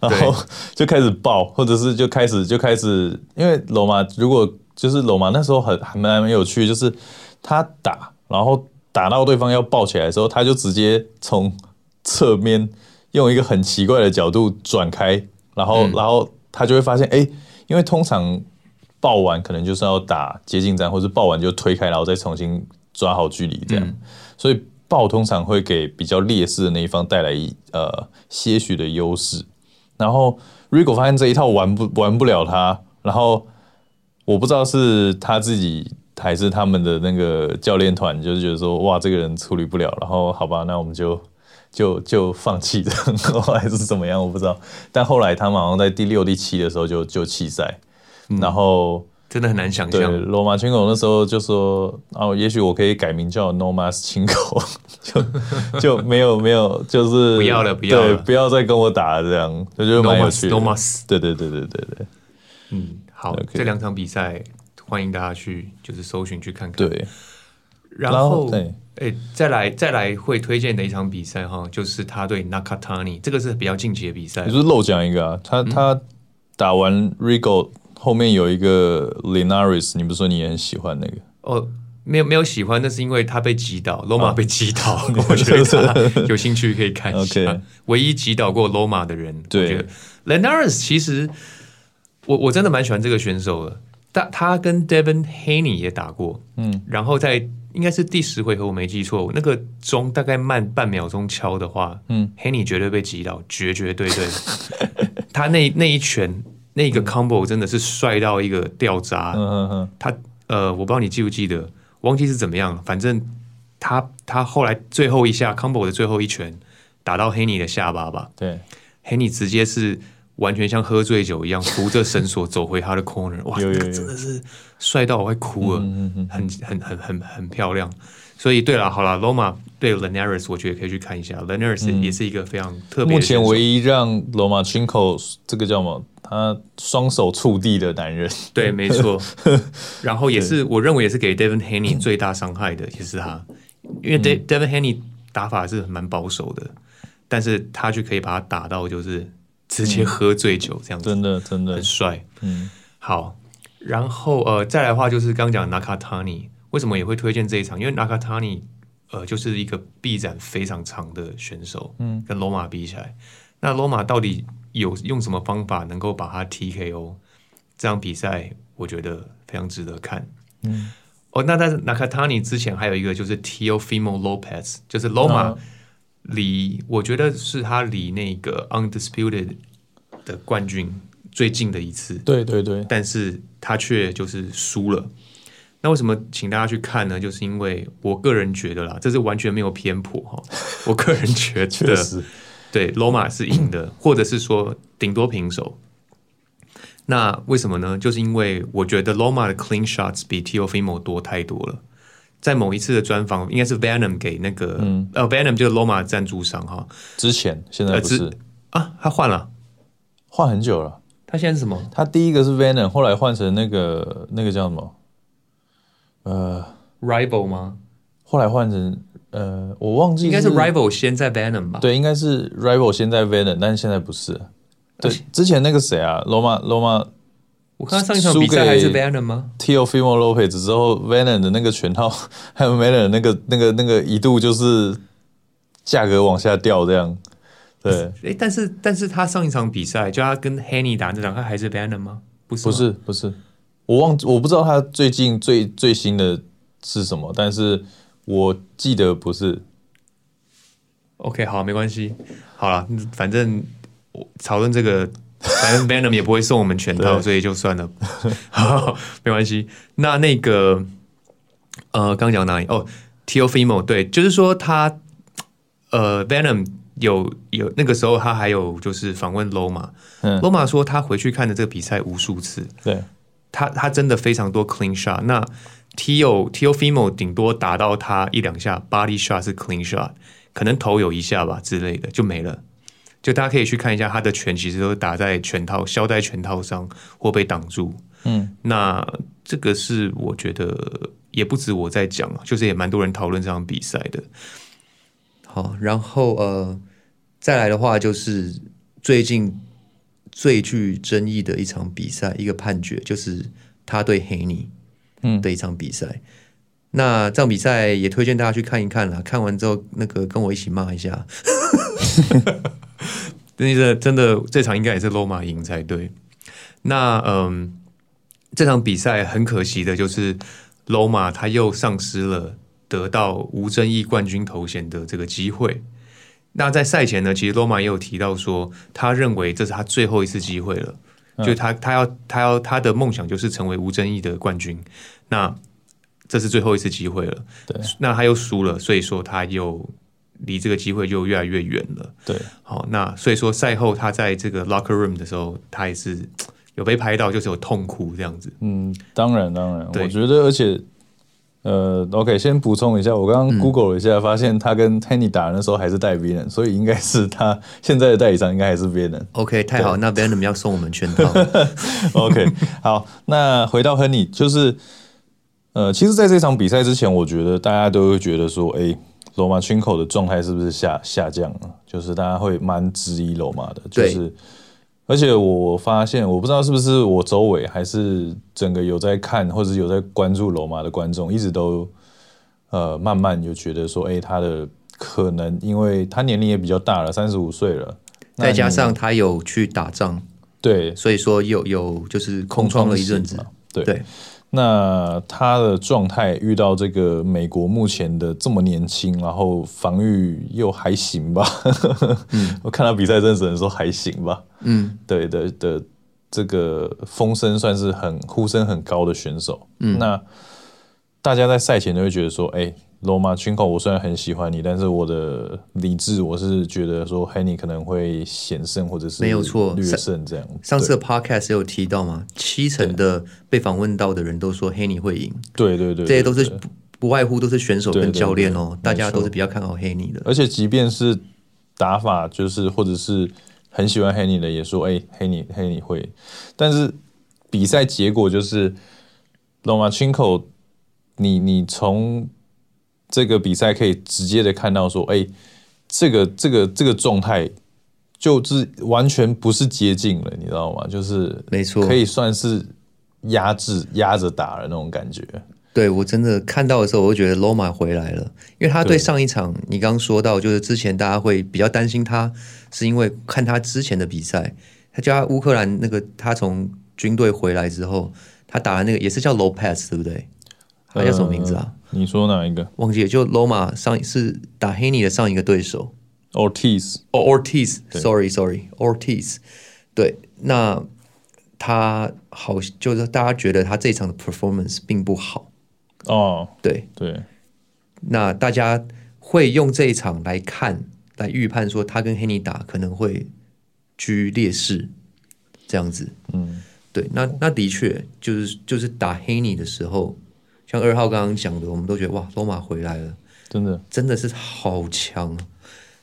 Speaker 1: 對 然後就開始抱，或者是就開始就開始，因為羅馬如果就是羅馬那時候很還蠻有趣，就是他打，然後打到對方要抱起來的時候，他就直接從側面用一個很奇怪的角度轉開。然後，嗯、然後他就會發現，誒，因為通常爆完可能就是要打接近戰，或者爆完就推開，然後再重新抓好距離這樣。嗯、所以爆通常會給比較劣勢的那一方帶來呃些許的優勢。然後 c 果發現這一套玩不玩不了他，然後我不知道是他自己還是他們的那個教練團，就是覺得說，哇，這個人處理不了。然後好吧，那我們就。就就放棄了，後來是怎麼樣我不知道，但後來他們好像在第六第七的時候就就棄賽，嗯、然後真的很難想象。Lomachenko 那時候就說哦，也許我可以改名叫 Nomachenko，就就沒有沒有，
Speaker 2: 就是不要了，不要了，對，不要再跟我打這樣，我覺得蠻有趣 No Mas，對、No Mas、對對對對對，嗯，好，Okay 這兩場比賽歡迎大家去就是搜尋去看看。對。然後，哎，欸，再來，再來會推薦的一場比賽哈，就是他對 Nakatani，這個是比較晉級的比賽。你不是漏
Speaker 1: 講一個啊？他，嗯，他打完 Rigo 後面有一個 Linares，你不是說你也很喜歡那個？
Speaker 2: 哦，沒有沒有喜歡，那是因為他被擊倒，羅馬，啊，被擊倒。 我覺得他有興趣可以看一下， Okay. 唯一擊倒過羅馬的人。對，Linares，其實我我真的蠻喜歡這個選手的。他他跟 Devin Haney 也打過，嗯，然後在應該是第十回合我沒記錯，那個鐘大概慢半秒鐘敲的話，嗯，Haney 絕對被擊倒，絕絕對對。 他那那一拳，那個 combo 真的是帥到一個掉渣。嗯嗯嗯。他呃，我不知道你記不記得，忘記是怎麼樣了，反正他他後來最後一下 combo 的最後一拳打到 Haney 的下巴吧？對，Haney 直接是。完全像喝醉酒一樣，扶着繩索走回他的 corner， 哇，有有有真的是帥到我快哭了，嗯、很很很很很漂亮。所以，對了，好了，羅馬對 Linares，我覺得可以去看一下 Linares，、嗯、也是一個非常特別的。目前唯一讓 Lomachenko 這個叫什麼？他雙手觸地的男人。對，沒錯。 然後也是對我認為也是給 Devin Haney 最大傷害的，嗯、也是他，因為 Devin Haney 打法是蠻保守的，但是他就可以把他打到就是。直接喝醉酒、嗯、這樣子，真的，真的很帥。嗯，好，然後呃，再來的話就是剛剛講，Nakatani 為什麼也會推薦這一場？因為 Nakatani 呃就是一個臂展非常長的選手，嗯，跟羅馬比起來，那羅馬到底有用什麼方法能夠把他 T K O？這場比賽我覺得非常值得看。嗯，哦，那但是 Nakatani 之前還有一個就是 Teofimo Lopez，就是羅馬、哦。離我覺得是他離那個 undisputed 的冠軍最近的一次，對對對，但是他卻就是輸了。那為什麼請大家去看呢？就是因為我個人覺得啦，這是完全沒有偏頗哈。我個人覺得， 實對 Loma 是贏的，或者是說頂多平手。那為什麼呢？就是因為我覺得 Loma 的 clean shots 比 Teofimo 多太多了。在某一次的專訪，應該是 Venum 給那個、嗯、哦 Venum 就是 Loma 贊助商哈。之前現在不是、呃、啊，他換了，換很久了。他現在是什麼？
Speaker 1: 他第一個是 Venum，後來換成那個那個叫什麼？呃，Rival 嗎？後來換成呃，我忘記，應該是 Rival 先在 Venum 吧？對，應該是 Rival 先在 Venum，但是現在不是。對，且之前那個誰啊，Loma Loma。我看他上一場比賽還是 Venum 嗎？Teofimo Lopez 之後 Venum 的那個拳
Speaker 2: 套，還有 Venum 那個那個那個一度就是價格往下掉，這樣對。誒，但是但是他上一場比賽，就他跟 Haney 打那場，他還是 Venum 嗎？
Speaker 1: 不是，不是，不是。我忘，我不知道他最近最最新的
Speaker 2: 是什麼，但是我記得不是。OK，好，沒關係，好了，反正我討論這個。反正 Venum 也不會送我們全套， 對 所以就算了， 沒關係。那那個呃，剛講哪裡？哦、oh，Teofimo 對，就是說他呃，Venum 有有那個時候他還有就是訪問 Loma，Loma 說他回去看的這個比賽無數次，對他他真的非常多 clean shot。那 Tio Teofimo 頂多打到他一兩下 body shot 是 clean shot，可能頭有一下吧之類的就沒了。就大家可以去看一下，他的拳其實都打在拳套、消在拳套上或被擋住。嗯，那這個是我覺得也不止我在講，就是也蠻多人討論這場比賽的。好，然後呃，
Speaker 3: 再來的話就是最近最具爭議的一場比賽，一個判決，就是他對黑尼嗯的一場比賽。嗯、那這場比賽也推薦大家去看一看啦，看完之後那個跟我一起罵一下。
Speaker 2: 哈哈，那個 真，真的，這場應該也是羅馬贏才對。那嗯，這場比賽很可惜的就是羅馬他又喪失了得到無爭議冠軍頭銜的這個機會。那在賽前呢，其實羅馬也有提到說，他認為這是他最後一次機會了，嗯、就他他要他要他的夢想就是成為無爭議的冠軍，那這是最後一次機會了。對那他又輸了，所以說他又。離這個機會就越來越遠了。對，好，那所以說，賽後他在這個 locker room 的時候，他也是有被拍到，就是有痛哭這樣子。
Speaker 1: 嗯，當然當然，
Speaker 2: 對我覺得，而且，
Speaker 1: 呃，OK，先補充一下，我剛剛 Google 了一下，嗯、發現他跟 h e n n y 打的時候還是戴鼻 n，所以應該是他現在的代理商應該還是別人。OK，太好，對那 b e n h m 要送我們圈套。 OK， 好，那回到 h e n n y 就是，呃，其實在這場比賽之前，我覺得大家都會覺得說，哎、欸。羅馬群口的狀態是不是下下降了？就是大家會蠻質疑羅馬的，對就是，而且我發現，我不知道是不是我周圍還是整個有在看或者有在關注羅馬的觀眾，一直都呃慢慢就覺得說，哎、欸，他的可能因為他年齡也比較大了，三十五歲了，
Speaker 3: 再加上
Speaker 1: 他有去打仗，對，所以說有有，就是空窗了一陣子空空嘛，對。對那他的狀態遇到這個美國目前的這麼年輕，然後防禦又還行吧？ 嗯、我看他比賽認識的時候還行吧？嗯，對的的，這個風聲算是很呼聲很高的選手。嗯、那大家在賽前都會覺得說，哎、欸。羅馬 Lomachenko，o, 我雖然很喜歡你，但是我的理智我是覺
Speaker 3: 得說 Haney 可能會險勝或者是沒有錯略勝這樣。上，對上次的 podcast 有提到嗎？七成的被訪問到的人都說 Haney 會贏。對對對，對，這些都是不外乎都是選手跟教練哦、喔，對對對對，大家都是比較看好 Haney 的。而
Speaker 1: 且即便是打法就是或者是很喜歡、欸嗯、Haney 的，也說哎 Haney、Haney 會，但是比賽結果就是羅馬 Lomachenko，你你從。這個比賽可以直接的看到，說，哎，這個這個這個狀態，就是完全不是接近了，你知道嗎？就是沒錯，可以算是壓制、壓着打的那種感覺。
Speaker 3: 對我真的看到的時候，我就覺得 Loma 回來了，因為他對上一場對你剛剛說到，就是之前大家會比較擔心他，是因為看他之前的比賽，他加烏克蘭那個，他從軍隊回來之後，他打的那個也是叫 Lopez，對不對？他叫什麼名字啊？呃、你說哪一個？忘記就 Loma 上一次打黑尼的上一個對手，Ortiz，哦，Ortiz，Sorry，Sorry，Ortiz，oh, Ort 對，對，那他好就是大家覺得他這一場的 performance 並不好哦，對、oh, 對，對對，那大家會用這一場來看來預判說他跟黑尼打可能會居劣勢，是這樣子，嗯，對，那那的確就是就是打黑尼的時候。像二號剛剛講的，我們都覺得哇，羅馬回來了，真的，真的是好強，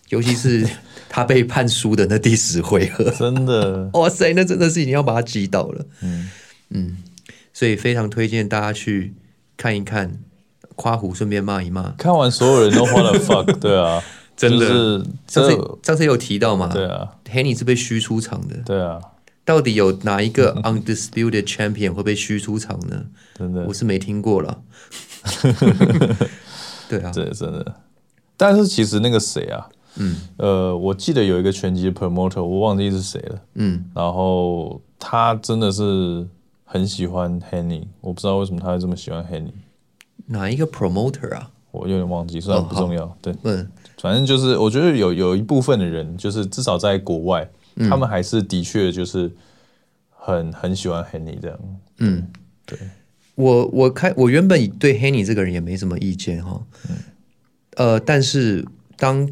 Speaker 3: 尤其是他被判輸的那第十回合，真的，哇塞，那真的是已經要把他擊倒了，嗯嗯，所以非常推薦大家去看一看，誇胡順便罵一罵，看完所有人都 what the fuck， 對啊，真的，就是、上次有上次有提到嘛，對啊，Haney 是被噓出場的，對啊。到底有哪一個 undisputed champion 會被噓出場呢？真的，我是沒聽過了。 對啊，對，真的。但是其實那個誰啊，嗯，呃，
Speaker 1: 我記得有一個拳擊的 promoter，我忘記是誰了，嗯，然後他真的是很喜歡 Haney。我不知道為什麼他會這麼喜歡 Haney。
Speaker 3: 哪一個 promoter 啊？我有點忘
Speaker 1: 記，雖然不重要，哦、對，嗯，反正就是我覺得有有一部分的人，就是至少在國外。他們還是的確就是很、嗯、很喜
Speaker 3: 歡黑尼這樣。嗯，對。我我開我原本對黑尼這個人也沒什麼意見哈。嗯、呃，但是當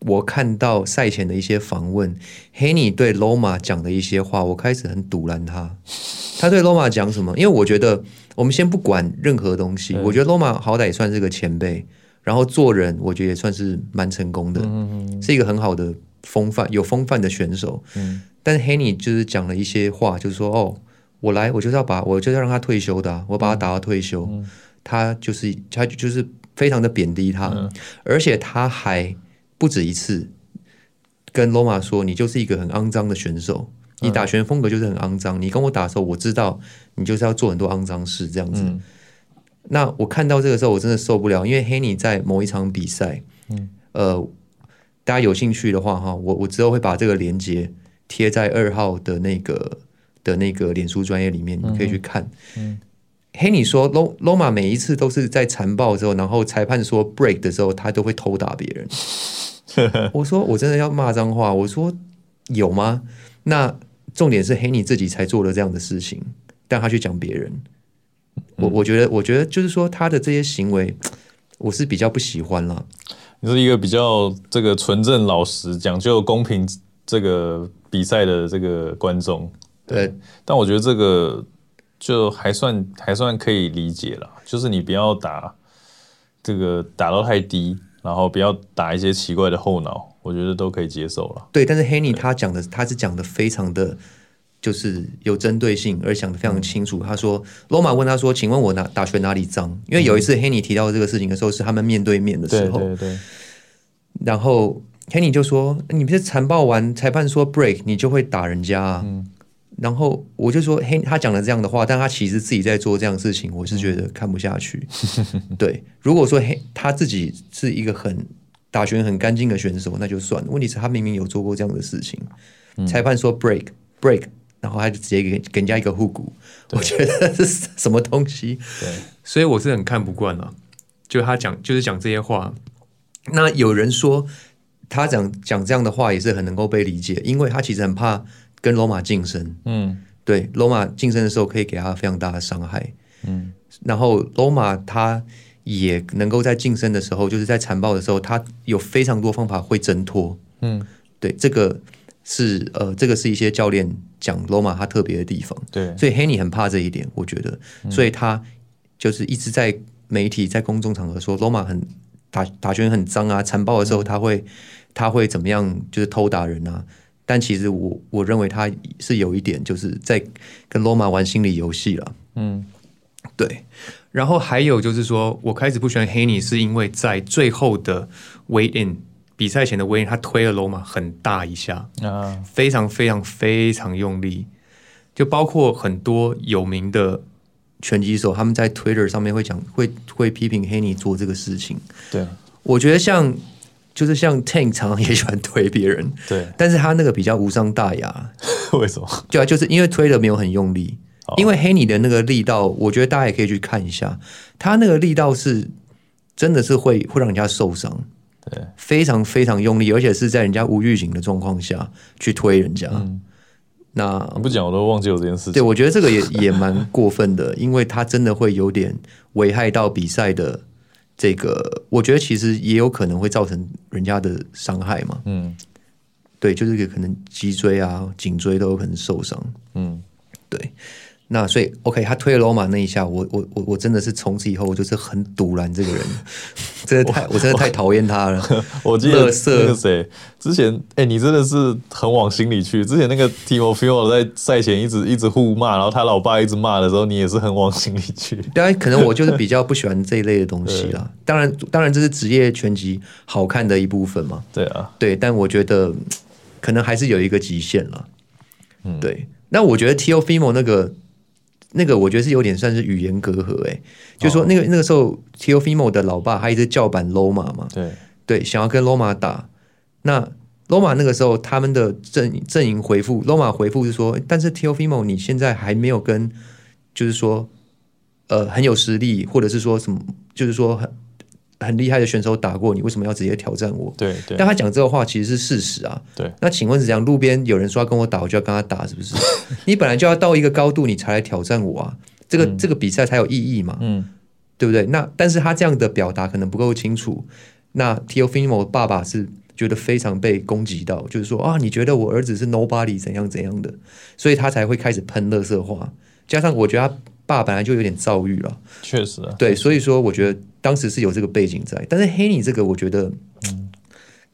Speaker 3: 我看到賽前的一些訪問，黑尼對羅馬講的一些話，我開始很堵攔他。他對羅馬講什麼？因為我覺得我們先不管任何東西，嗯、我覺得羅馬好歹也算是個前輩，然後做人我覺得也算是蠻成功的，嗯嗯嗯是一個很好的。風範有風範的選手，嗯、但是 Haney 就是講了一些話，就是說哦，我來，我就是要把，我就是要讓他退休的，啊，我把他打到退休，嗯嗯、他就是他就是非常的貶低他，嗯、而且他還不止一次跟羅馬說，你就是一個很骯髒的選手，嗯、你打拳風格就是很骯髒，你跟我打的時候，我知道你就是要做很多骯髒事這樣子。嗯、那我看到這個時候，我真的受不了，因為 Haney 在某一場比賽，嗯、呃。大家有興趣的話，哈，我我之後會把這個鏈接貼在二號的那個的那個臉書專頁裡面，你們可以去看。Haney、嗯嗯 Haney 說 Lo-Loma 每一次都是在纏抱之後，然後裁判說 break 的時候，他都會偷打別人。 我說，我真的要罵髒話。我說，有嗎？那重點是 Haney、Haney 自己才做了這樣的事情，但他去講別人。我我覺得，我覺得就是說，他的這些行為，我是比較不喜歡了。
Speaker 1: 你是一個比較這個純正、老實、講究公平這個比賽的這個觀眾，對。但我覺得這個就還算還算可以理解了，就是你不要打這個打到太低，然後不要打一些奇怪的後腦，我覺得都
Speaker 3: 可以接受了。對，但是 Haney 他講的，對他是講的非常的。就是有針對性，而想得非常清楚。嗯、他說：“羅馬問他說，請問我哪打拳哪裡髒？”因為有一次黑尼提到這個事情的時候，是他們面對面的時候。對，對，對，然後黑尼就說：“你不是殘暴完，裁判說 break，你就會打人家、啊。嗯”然後我就說：“嘿，他講了這樣的話，但他其實自己在做這樣的事情，我是覺得看不下去。嗯” 對，如果說嘿他自己是一個很打拳很乾淨的選手，那就算了。問題是，他明明有做過這樣的事情，嗯、裁判說 break，break break。然後他就直接給給人家一個互股。對我覺得這是什麼東西？對，所以我是很看不慣了，就他講就是講這些話。那有人說他講講這樣的話也是很能夠被理解，因為他其實很怕跟羅馬近身。嗯，對，羅馬近身的時候可以給他非常大的傷害。嗯，然後羅馬他也能夠在近身的時候，就是在纏抱的時候，他有非常多方法會掙脫。嗯，對，這個。是呃，這個是一些教練講羅馬他特別的地方。對，所以 Haney 很怕這一點，我覺得，嗯、所以他就是一直在媒體在公眾場合說羅馬很打打拳很髒啊，殘暴的時候他會、嗯、他會怎麼樣，就是偷打人啊。但其實我我認為他是有一點就是在跟羅馬玩心理遊戲了。嗯，
Speaker 2: 對。然後還有就是說我開始不喜歡 Haney 是因為在最後的 weigh in。比賽前的威尼，他推了羅馬很大一下，
Speaker 1: 啊、uh，huh。
Speaker 2: 非常非常非常用力，就包括很多有名的拳擊手，他們在 Twitter 上面會講，會會批評
Speaker 3: 黑尼做這個事情。
Speaker 2: 對，
Speaker 3: 我覺得像就是像 Tank 常常也喜歡推別人，對，但是他那個比較無傷大雅， 為什麼？對啊，就是因為推得沒有很用力，oh。因為黑尼的那個力道，我覺得大家也可以去看一下，他那個力道是真的是會會讓人家受傷。對非常非常用力，而且是在人家無預警的狀況下去推人家。嗯、那不講我都忘記有這件事情。對，我覺得這個也也蠻過分的， 因為他真的會有點危害到比賽的這個。我覺得其實也有可能會造成人家的傷害嘛。嗯，對，就是可能脊椎啊、頸椎都有可能受傷。嗯，對。那所以，OK，他推了羅馬那一下，我我我我真的是從此以後我就是很賭爛這個人， 真的太我，我真的太討厭他了。 我記得那個
Speaker 1: 誰 之前，哎、欸，你真的是很往心裡去。之前那個 Teofimo 在賽前一直一直互罵，然後他老爸一直罵的時候，你也是很往心裡去。
Speaker 3: 當 然可能我就是比較不喜歡這一類的東西啦，對當然，當然這是職業拳擊好看的一部分嘛。對啊，對，但我覺得可能還是有一個極限了。嗯、對。那我覺得 Teofimo 那個。那個我覺得是有點算是語言隔閡誒、欸，oh. 就是說那個那個時候 Teofimo 的老爸他一直叫板羅馬嘛，對對，想要跟羅馬打。那羅馬那個時候他們的陣陣營回復，羅馬回復是說，但是 Teofimo 你現在還沒有跟，就是說呃很有實力，或者是說什麼，就是說很。很厲害的選手打過你，為什麼要直接挑戰我？對，對但他講這個話其實是事實啊。對，那請問是怎樣，路邊有人說要跟我打，我就要跟他打，是不是？ 你本來就要到一個高度，你才來挑戰我啊，這個、嗯、這個比賽才有意義嘛，嗯，對不對？那但是他這樣的表達可能不夠清楚。那 Teofimo 爸爸是覺得非常被攻擊到，就是說啊，你覺得我兒子是 Nobody 怎樣怎樣的，所以他才會開始噴垃圾話。加上我覺得他。爸本來就有點遭遇了，確實啊，對，所以說我覺得當時是有這個背景在，但是黑你這個，我覺得，嗯、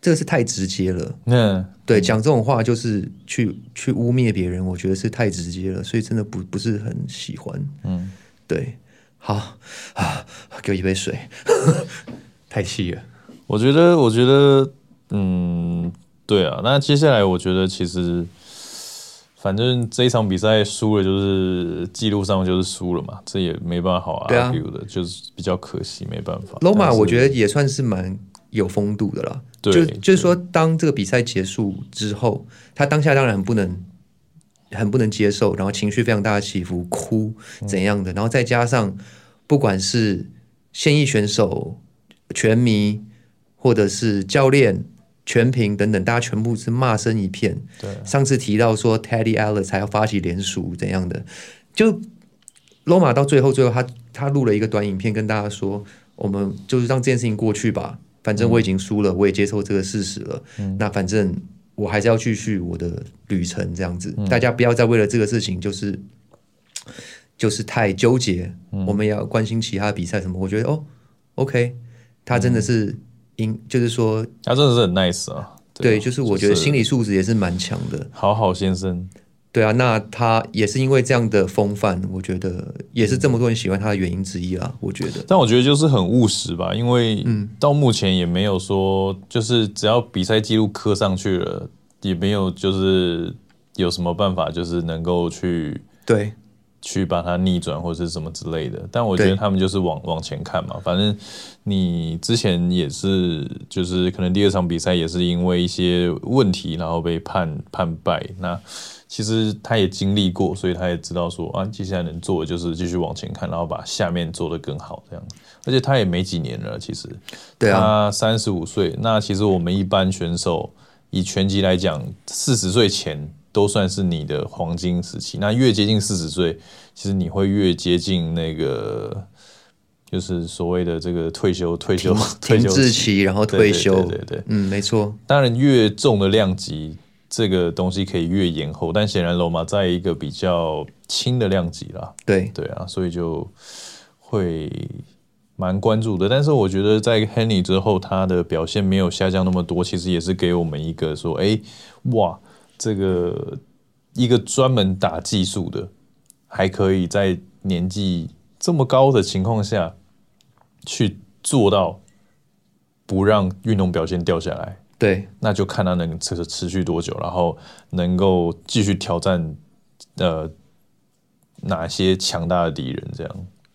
Speaker 3: 這個是太直接了，yeah, 對嗯，對，講這種話就是去去汙衊別人，我覺得是太直接了，所以真的不不是很喜歡，嗯，對，好啊，給我一杯水， 太細了，我覺得，我覺得，嗯，
Speaker 1: 對啊，那接下來我覺得其實。反正這一場比賽輸了，就是記錄上就是輸了嘛，這也沒辦法啊。對啊，就是比較可惜，沒辦法。羅馬 Loma 但是我覺得
Speaker 3: 也算是蠻有風度的啦，對，就就是說，當這個比賽結束之後，他當下當然很不能，很不能接受，然後情緒非常大的起伏，哭怎樣的，嗯、然後再加上不管是現役選手、拳迷或者是教練。全屏等等，大家全部是罵聲一片。對、啊，上次提到說 Teddy Ellis 還要發起聯署怎樣的，就羅馬到最後，最後他他錄了一個短影片跟大家說：“我們就是讓這件事情過去吧，反正我已經輸了，嗯、我也接受這個事實了。嗯、那反正我還是要繼續我的旅程，這樣子，嗯、大家不要再為了這個事情就是就是太糾結。嗯、我們也要關心其他的比賽什麼。我覺得哦，OK，他真的是。嗯”因就是說，
Speaker 1: 他、啊、真的是很 nice 啊，對，對，就是我覺得心理
Speaker 3: 素質也是蠻強的，好好先生，對啊，那他也是因為這樣的風範，我覺得也是這麼多人喜歡他的原因之一啊，我覺得。嗯、但
Speaker 1: 我覺得就是很務實吧，因為到目前也沒有說，就是只要比賽記錄刻上去了，也沒有就是有什麼辦法，就是能夠去，對。去把它逆轉或者是什麼之類的，但我覺得他們就是往往前看嘛。反正你之前也是，就是可能第二場比賽也是因為一些問題，然後被判判敗。那其實他也經歷過，所以他也知道說啊，接下來能做的就是繼續往前看，然後把下面做得更好這樣。而且他也沒幾年了，其實，他三十五歲。那其實我們一般選手以拳擊來講，四十歲前。都算是你的黃金時期。那越接近四十歲，其實你會越接近那個，就是所謂的這個退休、退休、退休期，然後退休。對對，
Speaker 3: 對，對對，嗯，沒錯。
Speaker 1: 當然，越重的量級，這個東西可以越延後，但顯然羅馬在一個比較輕的量級了。對對啊，所以就會蠻關注的。但是我覺得，在 Haney 之後，他的表現沒有下降那麼多，其實也是給我們一個說：哎，哇。這個一個專門打技術的，還可以在年紀這麼高的情況下，去做到不讓運動表現掉下來。對，那就看他能持持續多久，然後能夠繼續挑戰，呃，
Speaker 3: 哪些強大的敵人這樣。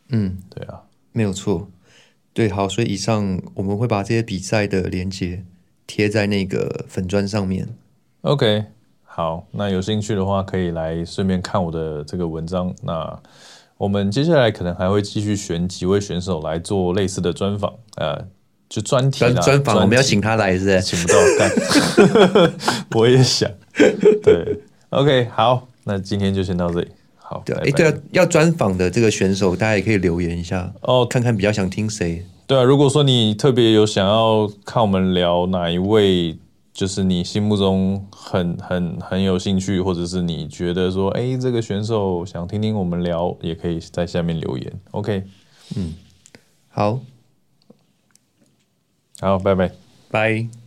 Speaker 3: 嗯，對啊，沒有錯。對，好，所以以上我們會把這些比賽的連接貼在那個粉專上面。
Speaker 1: OK。好，那有興趣的話可以來順便看我的這個文章。那我們接下來可能還會繼續選幾位選手來做類似的專訪，呃，就專題啊專、專訪。專題我們要請他來是不是請不到，幹
Speaker 3: 我也想。
Speaker 1: 對
Speaker 3: ，OK，好，那今天就先到這裡。好，對，拜拜。誒，對啊，要專訪的這個選手，大家也可以留言一下哦，看看比較想聽誰。對
Speaker 1: 啊，如果說你特別有想要看我們聊哪一位。就是你心目中很很很有興趣，或者是你覺得說，哎、欸，這個選手想聽聽我們聊，也可以在下面留言。OK，嗯，好，好，拜拜，拜。